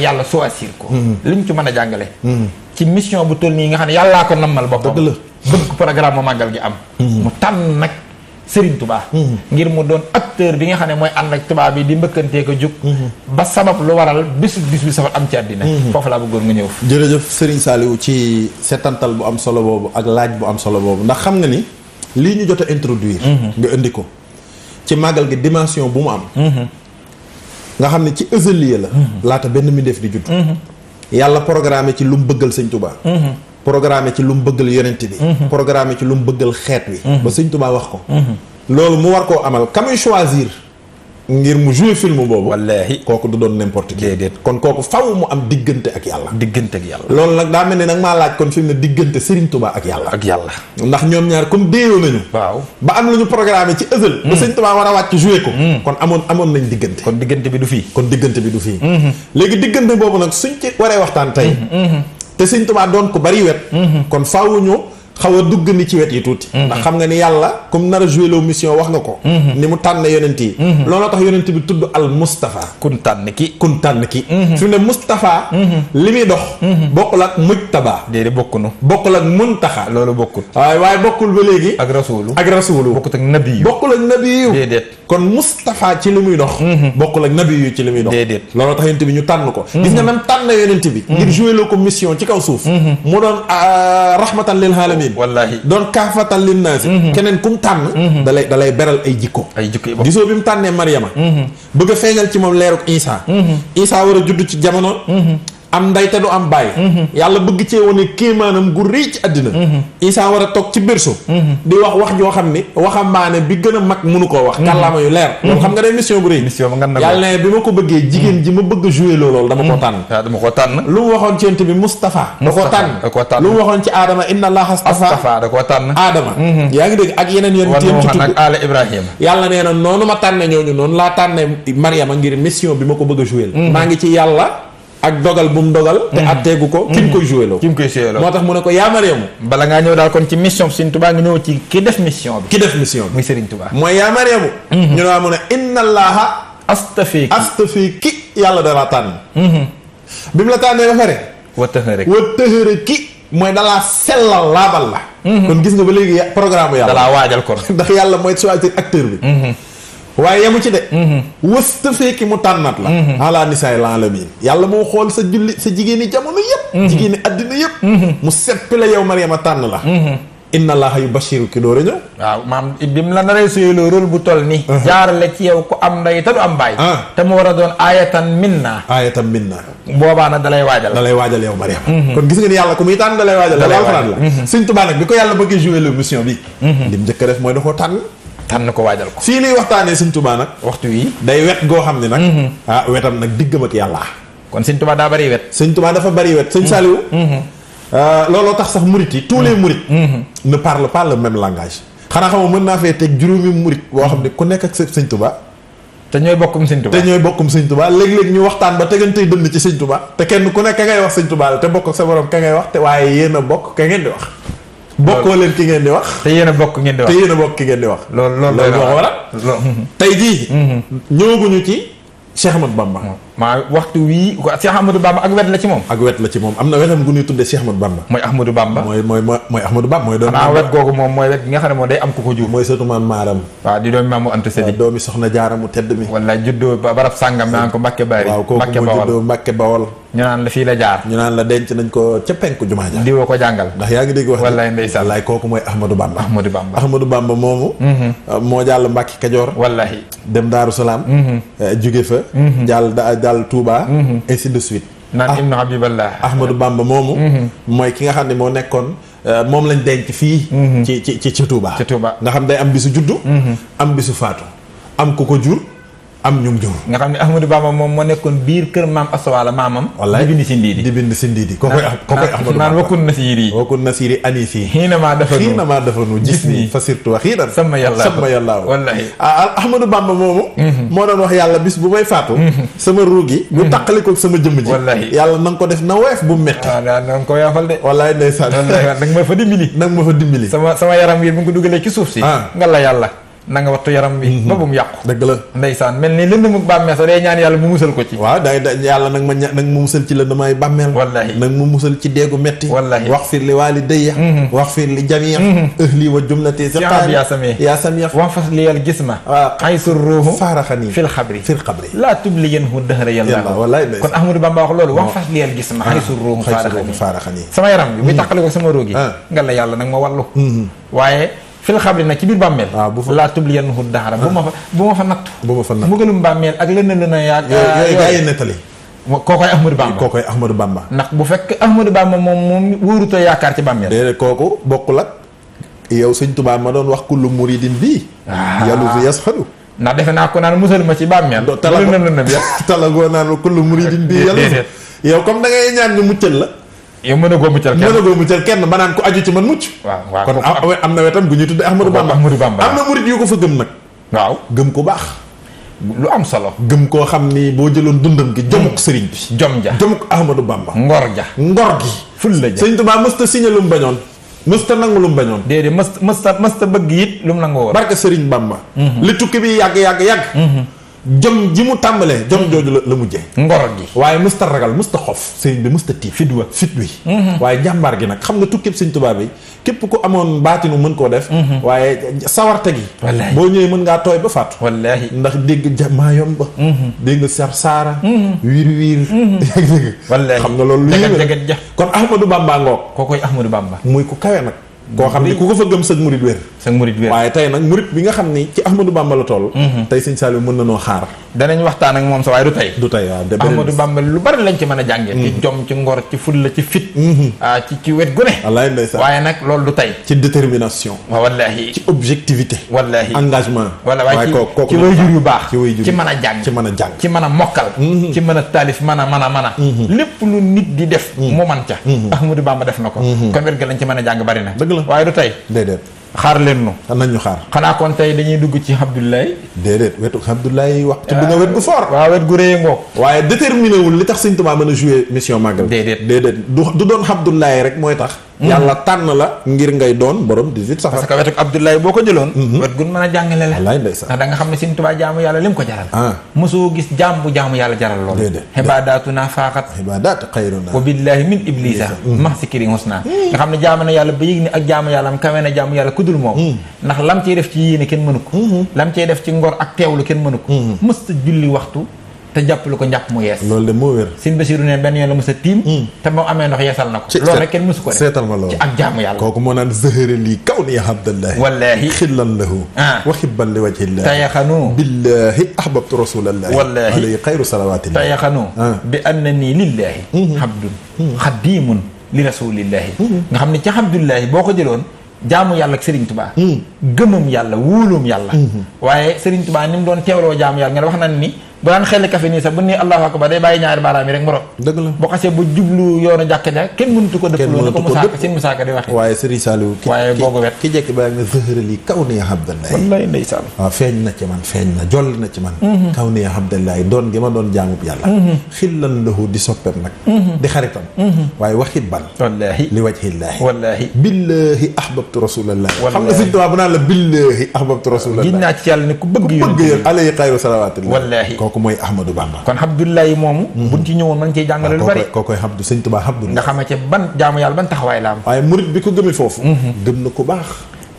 yàlla choisir ko. Hmm. li ñu ci mën a jàngale. Hmm. ci mission bu toll nii nga xam ne yàllaa ko nammal boppam. dëgg la bëgg programme màggal gi am. Hmm. mu tànn nag Serigne Touba. ngir mu doon acteur bi nga xam ne mooy ànd ak tubaab bi di mbëkkantee ko jug. ba sabab lu waral bisu bis bi safar am ci àddina. foofu laa bëggoon nga ñëw. jërëjëf Serigne Saliou ci setantal bu am solo boobu ak laaj bu am solo boobu ndax xam nga ni lii ñu jot a introduire. nga indi ko ci màggal nga xamné ci ësalier la laata benn mbindeef di judd yàlla programmer ci lum bëggal seigne touba programmer ci lum bëggal yonent bi programmer ci lum bëggal xeet wi ba seigne touba wax ko loolu mu war ko amal kamuy choisir ngir mu jouer film boobu. wallaahi kooku du doon n'importe qui. déedéet kon kooku faw mu am diggante ak yàlla. diggante ak yàlla. loolu nag daa mel ne nag maa laaj kon fi mu ne diggante Serigne Touba ak yàlla. ak yàlla ndax ñoom ñaar comme déeyoo nañu. waaw ba am lu ñu ci ësël. ba mm. Serigne Touba war a wàcc jouer ko. Mm. kon amoon amoon nañ diggante. kon diggante bi du fii. kon diggante bi du fii. Mm-hmm. léegi diggante boobu nag suñ ci waree waxtaan tey. Mm-hmm. Mm-hmm. te Serigne Touba xaw a dugg ni ci wet yi tuuti mhm. ndax xam nga ni yàlla comme nar a joué mission wax nga ko mhm. ni mu tànn yonent yi mhm. looloo tax yonent bi tudd al Moustapha kun tànn ki kun tànn ki fi ne Moustapha li muy dox bokkul ak mujtaba déedéet bokkunu bokkul ak muntaxa loolu bokkul waaye waaye bokkul ba léegi ak rasulu ak rasulu bokkut ak nabiyu bokkul ak nabiyu déedéet kon Moustapha ci li muy dox mhm. bokkul ak nabi yu ci li muy dox looloo tax yonent bi ñu tànn ko mhm. gis nga même tànn yonent bi mhm. ngir jouer la ko mission ci kaw suuf mu doon ah, rahmatan lil alamin doon kaafatan lin naasi keneen kum tànn da lay beral ay jikko ay jikko bi mu tànnee Mariama bëgg a feeñal ci moom leeruk Isa Isa war a judd ci jamono am ndey te du am bàyyi. Mhm. yàlla bëgg cee wane kéemaanam gu rëy ci àddina. Mhm. Isaa war a toog ci berceau. Mhm. di wax wax joo xam ni waxambaane bi gën a mag mënu koo wax. kàllaama yu leer. loolu xam nga day mission bu rëy. mission bu ngan yàlla ne bi ji ma bëgg a joué loolu dama ko tànn. Ah, dama ko tànn. lu mu waxoon ci yonent bi Moustapha. waxoon ci Adama inna allah astafa. da koo tànn Adama. yaa ngi dégg ak yeneen yoon. téem ci tudd war na ala Ibrahima. yàlla noonu ma tànne ñooñu noonu laa tànne Mariama ngir mission bi ma ko bëgg a maa ngi ci yàlla ak dogal bu mu dogal. te mhm. atteegu ko. Mhm. ki mu koy joué loo. ki mu koy joué loo moo tax mu ne ko yaa Mariamu. bala ngaa ñëw daal kon ci mission bi Serigne Touba nga ñëw ci ki def mission bi. ki def mission bi muy Serigne Touba. mooy yaa Mariamu. Mhm. ñu ne waa mu ne inna allaha. astafiki yàlla da tànn. bi mu la tànnee ba pare. watahare ki watahare ki mooy da laa sellal laabal la. kon gis nga ba léegi programme yàlla. da laa waajal kon ndax yàlla mooy choisir acteur bi. waaye yemu ci de mhm. wësta feeki mu tànnat la mhm. ala nisaay laalamiin yàlla moo xool sa julli sa jigéeni jamono yëpp mhm. jigéeni addina yëpp mu seppi la yow Mariama tànn la inna allaha yubashiru ki doore ñëw waaw maam bi mu la naree suyee loo rôle bu toll ni jaarale ci yow ku am ndey te du am baay ah. te mu war a doon ayatan minna ayatan minna boobaa nag dalay waajal dalay waajal yow Mariama kon gis nga ni yàlla ku muy tànn dalay waajal la alxuraan la Sëñ Tuubaa nag bi a tan ko wadjal ko fii nuy waxtane seigne Touba nak waxtu yi day wet go xamni nak mm-hmm. ah wetam nag diggam ak yalla kon seigne Touba da bari wet seigne Touba dafa bari wet saliw euh lolo tax sax mouride yi tous les mourides mm-hmm. mm-hmm. ne parle pas le même langage xana xam mo na fe tek juroomi juróomi bo xamni ku nek ak seigne Touba te ñoy bokkum seigne Touba te ñoy bokkum seigne Touba leg leg ñu waxtaan ba tegeentey dënd ci seigne Touba te kenn ku nek ka ngay wax seigne Touba te bokk sa borom ka ngay wax te waye yeena bokk ka ngeen di wax bokkoo leen ki ngeen di wax. te yéen bokk ngeen di wax te yéen bokk ki ngeen di wax. loolu loolu loolu moo ko waral. tey jii. Mm-hmm. ñëwaguñu ci Cheikh Ahmad Bamba. Mm-hmm. maa waxtu wii Cheikh Ahmadou Bamba ak wet la ci moom ak wet la ci moom am na wetam gu ñuy tuddee Cheikh Ahmadou Bamba mooy Ahmadou Bamba moomu moo jàll Mbàkke Kajoor wallahi dem Daaru mhm. eh, jóge fa mhm. jàll Sénégal Touba. Mhm. ainsi de suite. naan ah, Ibn moomu. Mhm. mooy ki nga xam ne moo nekkoon euh, moom lañ denc fii. Mhm. ci ci ci Touba. ci Touba nga xam day am bisu juddu. am bisu faatu am ku ko jur. am ñum jur nga xamni ne Ahmadou bama mom mo nekkon biir kër mam aswala mamam wallahi di bind si ndiidi di bind si ndiidi ko ah, koy ko koy ah, Ahmadou naan wakkun nasiiri yi wakkun nasiiri anisi xiinamaa dafanu xiinamaa dafanu gis ni fasirtu xiinan sama yalla sama yalla wallahi ah, Ahmadou Bamba moomu mo mhm. don wax yalla bis bu may fatu mhm. sama rugi bu mhm. takaliko sama jëm ji wallahi yalla nang ko def na wef bu metti na nga ko yafal de wallahi ndaysan nang ma fa dimbali nang ma fa dimbali sama sama yaram yi bu ko ci suuf ci nga la yalla na nga wattu yaram bi mhm. ba bu mu yàqu dëgg la ndeysaan mel ni lënd mu bàmmeel sax day ñaan yàlla mu musal ko ci waaw day da yàlla nag ma ña nag ma musal li waalidayya mhm. wax fir li jamia mhm. wa jumlati siqaari yaa samia yaa samia wax fas li yàlla gis ma waaw xaysu ruuhu faaraxani fil xabri fil xabri laa tubli yéen hu dëhëra yàlla wallahi kon Ahmadou Bamba wax loolu wax fas li yàlla gis ma xaysu ah, ruuhu faaraxani sama yaram bi ah. waaye fil xabri nag ci biir bàmmeel ah, laa tubliyannahu daxara ah. bu ma fa bu ma fa nattu bu ma fa nattu mbugalum bàmmeel ak lëna lëna yaa yooyu gaa yi nettali bu fekk Ahmadou Bamba moom moom wóoruta yaakaar ci bàmmeel kooku bokk ak yow sëñ tubaab ma doon wax kullu muridin bii ah. yalusu yasxadu ndax defe naa ko naan musal ma ci bàmmeel talagoo naan kullu muridin bii yalusu yow comme da ngay ñaan ñu muccal la yow mën a góob muccal kenn mën a góob muccal kenn ba naan ko aju ci man mucc. waaw waaw am na wetam gu ñuy tuddee Ahmadou Bamba am na murit yu ko fa gëm nag. waaw gëm ko baax. lu am solo. gëm koo xam ni boo jëloon dundam gi jomuk hmm. sëriñ bi. jom ja jomuk Ahmadou Bamba. ngor ja ngor gi. ful la ja sëñ Tuubaa mësta signé lu mu bañoon. mësta nangu lu mu bañoon. déedéet mësta mësta mësta bëgg it lu nangu woon. barke sëriñ Bamba. Hmm. li tukki bi yàgg yàgg yàgg. Hmm. jom ji mu tàmbalee jom mm-hmm. jooju la la mujjee ngoro gi waaye mësta ragal mësta xof sëriñ bi mësta tiit fit wa fit mm-hmm. waaye jàmbaar gi nag xam nga tukkib sëñ Tuubaa bi képp ku amoon baatinu mën koo def mm-hmm. waaye sawarte gi boo ñëwee mën ngaa tooy ba faatu wallaahi ndax dégg jamaa yomba dégg sar saara wiir wiir yàgg dégg wallaahi xam nga loolu lu jagat jagat ja kon Ahmadou Bamba ngoog koo koy Ahmadou Bamba muy ku kawe nag koo xam ne ku ko fa gëm sag murit wér sag murit wér waaye tey nag murit bi nga xam ni ci Ahmadou Bamba la toll mhm. tey sëñ Saliou mën na noo xaar danañ waxtaan ak moom sa waaye du tey du tey waaw Ahmadou Bamba lu bari lañ ci mën a a jàng ci mën a a mokkal mhm. ci mën a taalif mën a mën a a mhm. lépp lu nit di def mu man ca Ahmadou Bamba def na ko kon wet lañ ci mën a jàng bari na waaye du tey déedéet xaar leen nu xan nañ ñu xaar xanaa kon tey dañuy dugg ci Abdoulaye déedéet wetu Abdoulaye wax tudd ah. nga wet gu fort waa wet gu rëy ngoog waaye déterminé wul li tax Sëñ Tuubaa mën a jouer mission màggal déedéet déedéet du doon Abdoulaye rek mooy tax Mm-hmm. yàlla tànn la ngir ngay doon borom 18 safar. parce que wetu Abdoulaye boo ko jëloon. Mm-hmm. wet gu mën a jàngale la. wallaay ndeysaan ndax da nga xam ne Sëriñ Tuubaa jaamu jaral. Ah. mosoo gis jaam bu jaamu yàlla jaral lool. déedéet xibaadaatuna faaxat. xibaadaat xayruna. wa billaahi min iblisa. max si kiri mos nga xam ne jaamu na yàlla ba yëg ni ak jaamu yàlla am kawe na jaamu yàlla kudul moom. Mm-hmm. ndax lam cey def ci yéene kenn mënu ko. lam cey def ci ngor ak teewlu kenn mënu ko. mës julli waxtu te jàppalu ko njàpp mu yees. loolu de benn yoon la mos a tiim. Hmm. te moom amee ndox yeesal na ko. loolu rek kenn mosu ko def seetal ma loolu ci ak jaamu yàlla. kooku moo naan zëhëre lii kaw ni abdallahi. wallaahi xillan lahu. Ah. wa xibban li wajhillahi. tayaxanu ah. hmm. hmm. li rasulillahi. nga xam ne ci abdullahi boo ko jëloon. jaamu yàlla ak Serigne Touba. gëmam yàlla wóolum yàlla. waaye Serigne Touba ni mu doon teewloo jaamu yàlla nga wax na ni bu daan xel kafe nii sax bu ne allahu akbar day bàyyi ñaari baaraam yi rek moro dëgg la bu xasee bu jublu yoonu jàkka ja kenn mënutu ko dëpp loolu ko musaaka seen musaaka di waxee waaye Serigne Saliou ki jekki ba nga zëhrali kaw ni abdallah wallaay ndeysaan waaw feeñ na ci man feeñ na jolli mhm. doon gi ma doon jaamub yàlla mhm. xillan lahu di soppeem nag mhm. di xaritam waaye waxit ban li wajhillaahi wallaahi billaahi ahbabtu rasulallah xam naa ci yàlla ne ku bëgg yéen alayhi xayru salawaatillaahi kooku mooy Ahmadou Bamba kon Abdoulaye moomu mhm. buñ ci ñëwoon mën cee jàngale lu bari kooku Abdou sëñ Tuubaa Abdou nga xamante ban jaamu yàlla ban taxawaay la am waaye murit bi ko gëmee foofu mhm. gëm na ku baax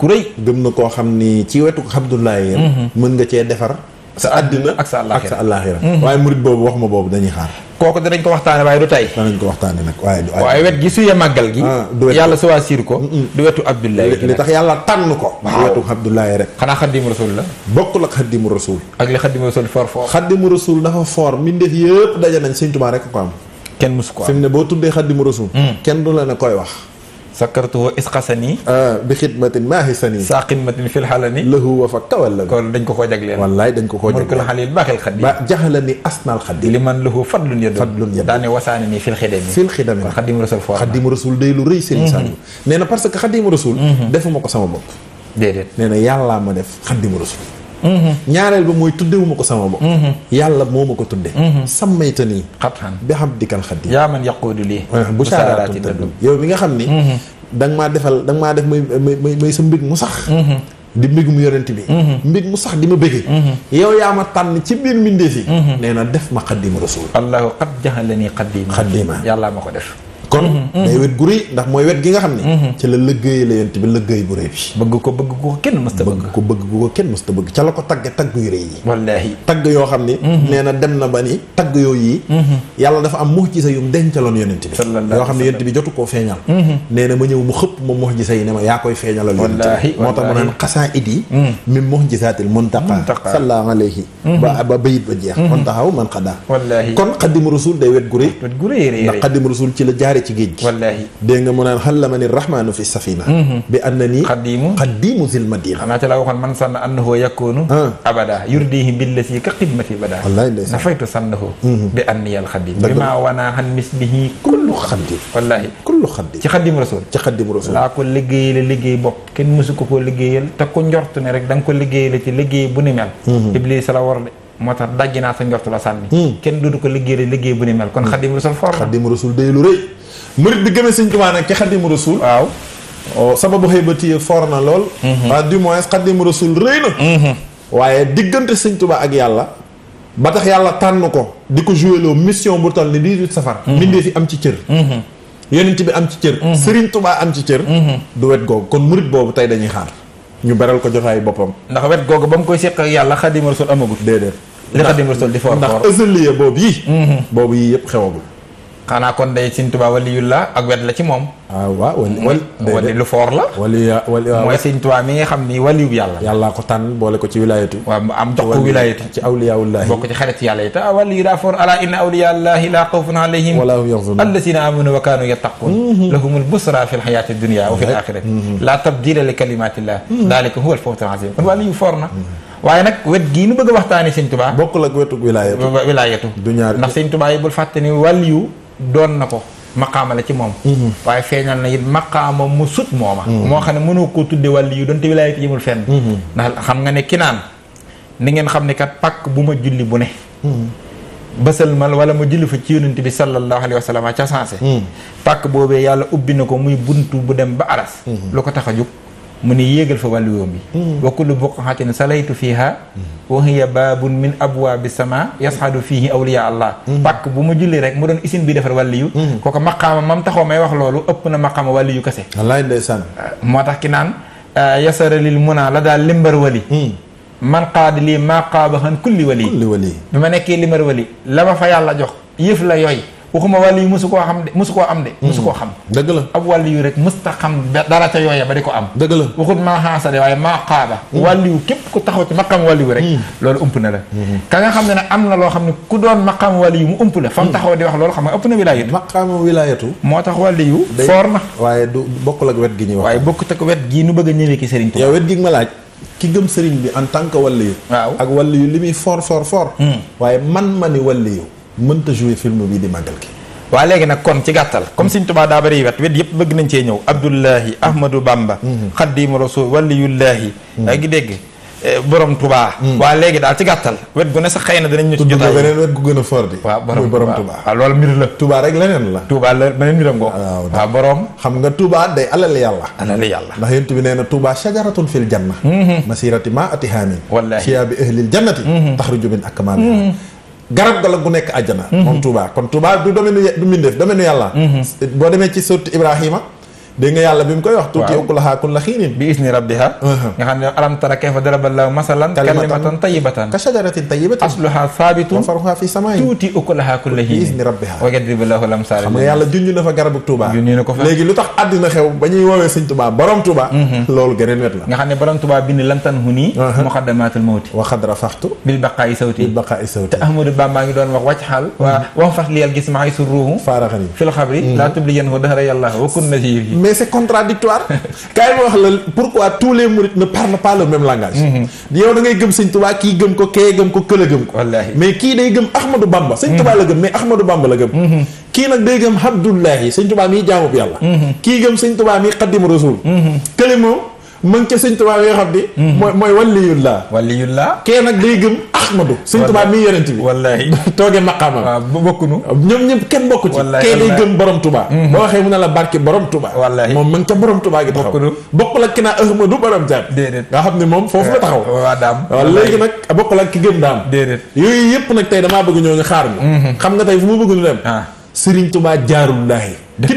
ku rëy gëm na koo xam ni ci wetu Abdoulaye mhm. mën nga cee defar sa àddina ak sa àllaaxira waaye murit boobu wax ma boobu dañuy xaar kooku danañ ko waxtaane waaye du tey danañ ko waxtaane nag waaye du waaye wet gi suye màggal gi ah, yàlla suwaa siir ko du wetu abdoulaye li tax yàlla tànn ko du wetu abdoulaye rek xanaa xaddimu rasul la bokkul ak xaddimu rasul ak li xaddimu rasul for for xaddimu rasul dafa for mbindeef yëpp daje nañ sëñ Tuubaa rek ko am kenn musu ko am fi ne boo tuddee xaddimu rasul mm. kenn du la ne koy wax سكرته اسقسني اه بخدمه ما هسني ساقمه في الحلني له هو فك ولا كون دنجو خوجا لين والله دنجو خوجا مرك الحليل باخ الخدي جهلني اصنع الخدي لمن له فضل يد فضل يد داني وسانني في الخدمه في الخدمه خدم رسول فوق خدم رسول دي لو ري سيني سانو نينا باسكو خدم رسول دافو مكو سما بوك ديدت نينا يالا ما ديف خدم رسول Mm-hmm. ñaareel ba mooy tuddewuma ko sama bopp mm-hmm. yàlla moo ma ko tudde mm-hmm. sàmmayta nii xatxan bi xam dikkal xaddi yaa man yaquudu lii ah, bu saaraati taddu yow mi nga xam ni da nga maa defal da nga maa def may may may sa mbig mu sax di mbig mu bi mbig mu sax di ma bëggee yow yaa ma tànn ci biir mbindeef yi nee na def ma xaddiima rasul allahu qad yàllaa ma ko def kon day mhm, mhm. wet guri ndax moy wet gi nga xamni mhm. ci la leggey la yent bi leggey bu rëy bi bëgg ko bëgg ko kenn musta bëgg ko bëgg ko kenn musta bëgg ci la ko tagge tag yu rëy wallahi tag yo xamni neena dem na bani tag yo yi yalla dafa am mox yu sa yum dencaloon yonent bi yo xamni yent bi jotu koo feeñal nee ma ñew mu xëpp mo mox yi say ne ma yaa koy feeñalal yonent bi moo tax mu naan min mox muntaqa sallallahu alayhi ba ba bayit ba jeex kon taxaw man qada wallahi kon qadim rasul day wet guri gu rëy ndax qadim rasul ci la jaar jaare ci géej gi wallaahi dégg nga mu naan xallamani rahmaanu fi safina bi anna nii xaddiimu xaddiimu zil madina xanaa ca laa waxoon man sanna annahu yakunu abada yurdihi billati ka xidmati bada wallaahi ndeysaan nafaytu sannahu bi anniyal xaddiim bi maa wanaa xan mislihi kullu xaddiim wallaahi kullu xaddiim ci xaddiim rasul ci xaddiim rasul laa ko liggéeyale liggéey bopp kenn mësu ko koo liggéeyal te ku njort ne rek da nga ko liggéeyale ci liggéey bu ni mel iblis la war de moo tax dajji naa sa njortu la sànni hmm. kenn dootu ko liggéey liggéey bu ni mel kon hmm. xadim rasul for xadim rasul day lu rëy murit bi gëmee sëñ Tuubaa nag ci xadim rasul waaw ba téye for na lool hmm. ah, rëy na waaye diggante sëñ Tuubaa ak yàlla ba tax yàlla tànn ko di ko joué loo mission bu toll ni 18 safar mbindee fi am ci cër yonent bi am ci cër sëriñ Tuubaa am ci cër du wet googu kon murit boobu tey dañuy xaar ñu beral ko jotaay boppam ndax wet googu ba mu koy seq yàlla xaadimu rasul amagut déedéet li xaadimu rasul di foor foor ndax boobu yi mhm. boobu yi yëpp xewagul xanaa kon day Sëñ Tuubaa waliyullah ak wet la ci moom. ah waaw wali wali lu foor la. wali wali mooy Sëñ Tuubaa mi nga xam ni waliyu yàlla. yàllaa ko tànn boole ko ci wilaayatu. waaw mu am jox ko wilaayatu. ci awliyaawullaahi bokk ci xarit yàlla yi te waliyu daa foor alaa inna awliyaallahi laa xawfun alayhim wala hum yaxzanuun allazina amanu wa kaanu yattaquun. Mm-hmm. lahumul busra fi lxayaati dunya wa fi laaxirati. Mm-hmm. Mm-hmm. laa tabdila li kalimatillah. daalika huwa alfawzul aziim kon waliyu foor na. waaye nag wet gii nu bëgg a waxtaani Sëñ Tuubaa bokkul ak wetu wilaayatu wilaayatu du ñaar ndax Sëñ Tuubaa yi bul fàtte ni waliyu doon na ko maqaama la ci moom mhm. waaye feeñal na it maqaama mu sut mooma mhm. moo xam ne mënoo koo tudde wàll yu doonte wilaayati jëmul fenn mhm. ndax xam nga ne kinaan ni ngeen xam ne kat pàkk bu ma julli bu ne bësal ma wala ma julli fa ci yonent bi sallallahu alayhi wa sallam ca sansé pàkk boobee yàlla ubbi na ko muy buntu bu dem ba aras lu ko tax a jóg mu ni yéegal fa wàllu yoom bi hmm. wa kullu buqaatin salaytu fiiha hmm. wa hiya baabun min abwaabi sama yasxadu fiihi awliya allah hmm. pàkk bu ma julli rek mu doon usine bi defar wàllu yu kooku maqaama mam taxaw may wax loolu ëpp na maqaama wàllu yu kese wallaay ndeysaan ah, moo tax ki naan ah, yasaralil a la daal limbar wali man qaad lii maa qaaba xan kulli wali bi ma nekkee limbar wali la ma fa yàlla jox yëf la yooy waxuma wàlli yu mosu koo xam de mosu koo am de mosu hmm. koo xam dëgg la ab wàlli yu rek mësta xam dara ca yooya ba di ko am dëgg la waxut maa xaasa de waaye maa xaaba hmm. képp ku taxaw ci maqam wàlli yu rek hmm. loolu ëmp na la ka nga xam ne nag am na loo xam ne ku doon maqam wàlli yu mu ëmp la fam taxaw di wax loolu xam nga ëpp na wilaayatu moo tax wàlli yu foor na waaye du bokkul ak wet gi ñuy wax waaye bokkut ak wet gi nu bëgg a ñëwee ki sëriñ yow wet gi ma laaj ki gëm sëriñ bi en tant que wàlli yu li muy for for for waaye man ma ni wàlli yu mënta jouer film bi di magal ki wa léegi nak kon ci gàttal comme seigne touba da bari wet wet yëpp bëgg nañ ci ñëw abdullah Ahmadou Bamba Xaadimu Rasuul waliyullaahi ngi dégg borom Touba. wa léegi dal ci gàttal wet gu ne sa xeyna dañ ñu ci jotta benen wet gu gëna fort di waaw borom Touba wa loolu mir la Touba rek lenen la Touba la beneen mbiram gox waaw borom xam nga Touba day alal yàlla alal yàlla ndax yent bi neena Touba shajaratun fil janna masirati ma atihamin wallaahi siyaa bi al jannati taxruju min akmalha garab ga la gu nekk àjjana moom Touba kon Touba du domaine du mbindeef domaine yàlla mhm. boo demee ci sotti Ibrahima dégg nga yàlla bi mu koy wax tuuti ukulahaa kulla xiinin bi isni rabbiha uh-huh. nga xam ne alam tara kayfa daraballaahu masalan kalimatan tayyibatan ka shajaratin tayyibatin asluha thabitun wa faruha fi samain tuuti ukulahaa kulla xiinin bi isni rabbiha wa yadribullahu lamsaal xam nga yàlla junj na fa garabu Touba junj na ko fa léegi lu tax àddina xew ba ñuy woowee sëñ Touba borom Touba mm-hmm. loolu gëneen wet la nga xam ne borom Touba bind lamtan huni uh-huh. muqaddamatul mawti wa xadra faxtu bil baqaa'i sawti bil baqaa'i sawti te Ahmadou Bamba ngi doon wax wàcc xaal waa mm-hmm. wam fas liyal gis maay surruhu faaraxani fil xabri mm-hmm. laa tubliyanhu dahra yàlla wa kun nazirihi mais contradictoire kaay ma wax la pourquoi tous les mourides ne parlent pas le même langage mm-hmm. yow da gëm sëñ Tuubaa kii gëm ko kee gëm ko kële gëm ko mais kii day gëm Ahmadou Bamba sëñ mm-hmm. Tuubaa la gëm mais Ahmadou Bamba la gëm mm-hmm. kii nag day gëm Abdullahi sëñ Tuubaa miy jaamu bi yàlla kii gëm sëñ Tuubaa miy Xaadimu Rasuul kële ma ca sëñ Tuubaa yoo xam ni. mooy mooy waliyullah. waliyullah. kee nag day gëm Ahmadu. wallaahi sëñ Tuubaa mi yonent bi. wallaahi tooge maqaamam. waaw bu bokkunu. ñoom ñëpp kenn bokku ci. kee day borom Tuubaa. Hmm. boo waxee mu ne la barke borom Tuubaa. wallaahi moom ma nga ca borom Tuubaa gi taxaw. bokkunu bokkul ak ki naa Ahmadu borom jaam. déedéet nga xam ne moom foofu la taxaw. daam waaw léegi nag bokkul ak ki gëm daam. déedéet yooyu yëpp nag tey damaa bëgg ñoo ñu xaar ñu. Hmm. xam nga tey fu mu bëgg ñu dem. Ah. Sëriñ Tuubaa jaarul laahi